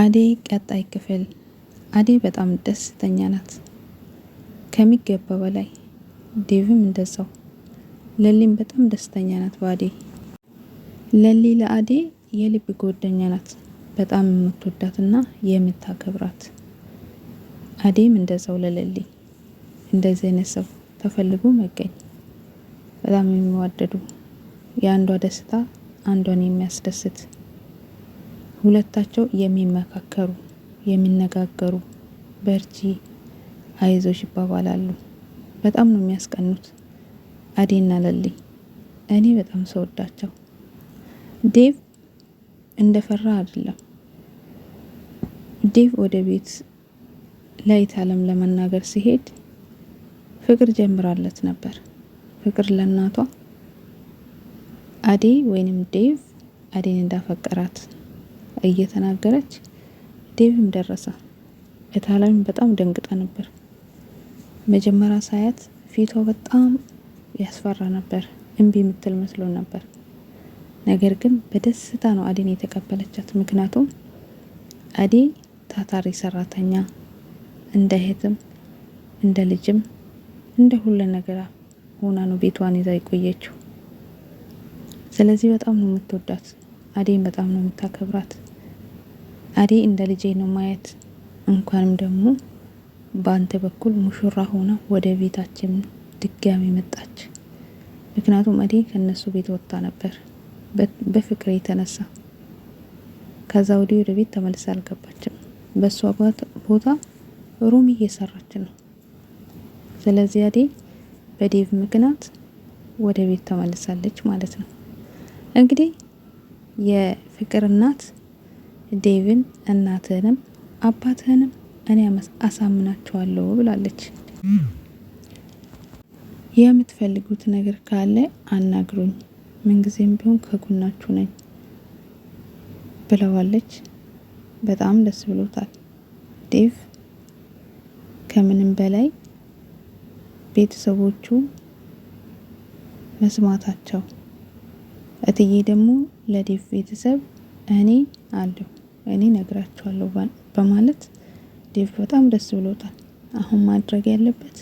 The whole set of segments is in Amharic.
አዴ ቀጣይ ክፍል። አዴ በጣም ደስተኛ ናት ከሚገባ በላይ ዴቭም እንደዛው። ለሊም በጣም ደስተኛ ናት በአደይ። ለሊ ለአዴ የልብ ጎደኛ ናት፣ በጣም የምትወዳትና የምታከብራት። አዴም እንደዛው ለለሊ። እንደዚህ አይነት ሰው ተፈልጎ መገኝ። በጣም የሚዋደዱ የአንዷ ደስታ አንዷን የሚያስደስት ሁለታቸው የሚመካከሩ የሚነጋገሩ በርቺ አይዞሽ ይባባላሉ። በጣም ነው የሚያስቀኑት። አዴና ለልይ እኔ በጣም ሰወዳቸው። ዴቭ እንደፈራ አይደለም። ዴቭ ወደ ቤት ለይት አለም ለመናገር ሲሄድ ፍቅር ጀምራለት ነበር። ፍቅር ለእናቷ አዴ ወይንም ዴቭ አዴን እንዳፈቀራት እየተናገረች ዴቪም ደረሰ። እታለምን በጣም ደንግጠ ነበር። መጀመሪያ ሳያት ፊቷ በጣም ያስፈራ ነበር። እምቢ የምትል መስሎ ነበር። ነገር ግን በደስታ ነው አዴን የተቀበለቻት። ምክንያቱም አዴ ታታሪ ሰራተኛ፣ እንደ እህትም እንደ ልጅም እንደ ሁሉ ነገር ሆና ነው ቤቷን ይዛ የቆየችው። ስለዚህ በጣም ነው የምትወዳት አዴን፣ በጣም ነው የምታከብራት። አዴ እንደ ልጄ ነው ማየት። እንኳንም ደግሞ በአንተ በኩል ሙሽራ ሆነ ወደ ቤታችን ድጋሚ መጣች። ምክንያቱም አዴ ከነሱ ቤት ወጥታ ነበር በፍቅር የተነሳ ከዛ ወዲህ ወደ ቤት ተመልሳ አልገባችም። በእሷ ቦታ ሩሚ እየሰራች ነው። ስለዚህ አዴ በዴቭ ምክንያት ወደ ቤት ተመልሳለች ማለት ነው። እንግዲህ የፍቅር እናት ዴቭን እናትህንም አባትህንም እኔ አሳምናቸዋለሁ ብላለች። የምትፈልጉት ነገር ካለ አናግሩኝ፣ ምንጊዜም ቢሆን ከጎናችሁ ነኝ ብለዋለች። በጣም ደስ ብሎታል ዴቭ። ከምንም በላይ ቤተሰቦቹ መስማታቸው እትዬ ደግሞ ለዴቭ ቤተሰብ እኔ አለሁ እኔ ነግራችኋለሁ በማለት ዴቭ በጣም ደስ ብሎታል። አሁን ማድረግ ያለበት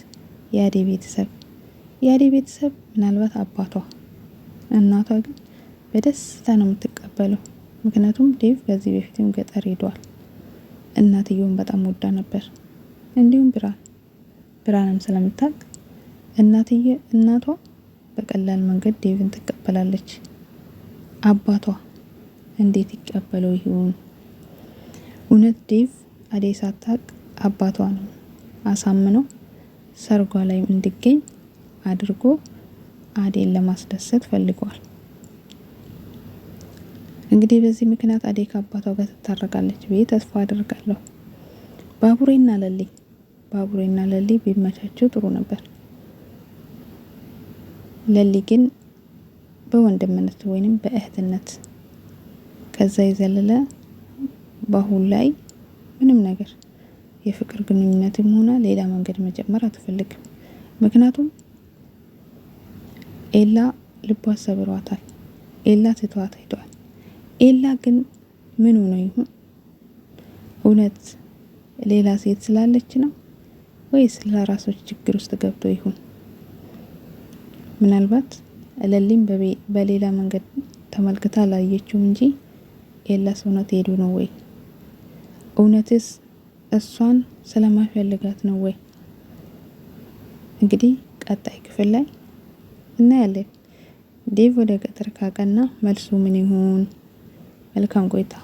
የአዴ ቤተሰብ የአዴ ቤተሰብ ምናልባት አባቷ፣ እናቷ ግን በደስታ ነው የምትቀበለው። ምክንያቱም ዴቭ ከዚህ በፊትም ገጠር ሄዷል። እናትየውን በጣም ወዳ ነበር። እንዲሁም ብራን ብርሃንም ስለምታቅ እናትየ እናቷ በቀላል መንገድ ዴቭን ትቀበላለች። አባቷ እንዴት ይቀበለው ይሆን? እውነት ዴቭ አደይ ሳታቅ አባቷ ነው አሳምኖ ሰርጓ ላይ እንዲገኝ አድርጎ አዴን ለማስደሰት ፈልጓል። እንግዲህ በዚህ ምክንያት አዴ ከአባቷ ጋር ትታረቃለች ብዬ ተስፋ አድርጋለሁ ባቡሬና ለሊ ባቡሬና ለሊ ቢመቻቸው ጥሩ ነበር። ለሊ ግን በወንድምነት ወይንም በእህትነት ከዛ የዘለለ በአሁን ላይ ምንም ነገር የፍቅር ግንኙነትም ሆነ ሌላ መንገድ መጀመር አትፈልግም። ምክንያቱም ኤላ ልቧ ሰብሯታል። ኤላ ትቷት ሄደዋል። ኤላ ግን ምን ሆኖ ይሆን? እውነት ሌላ ሴት ስላለች ነው ወይስ ራሶች ችግር ውስጥ ገብቶ ይሆን? ምናልባት ለሊም በሌላ መንገድ ተመልክታ ላየችው እንጂ ኤላ ሰውነት ሄዱ ነው ወይ? እውነትስ እሷን ስለማይፈልጋት ነው ወይ? እንግዲህ ቀጣይ ክፍል ላይ እናያለን። ዴቭ ወደ ገጠር ካቀና መልሱ ምን ይሆን? መልካም ቆይታ